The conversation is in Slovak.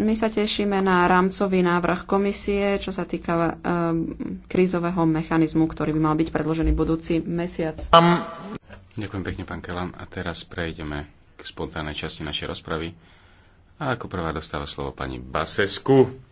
My sa tešíme na rámcový návrh komisie, čo sa týka um, krízového mechanizmu, ktorý by mal byť predložený budúci mesiac. Um. Ďakujem pekne, pán Kelam. A teraz prejdeme k spontánnej časti našej rozpravy. A ako prvá dostáva slovo pani Basesku.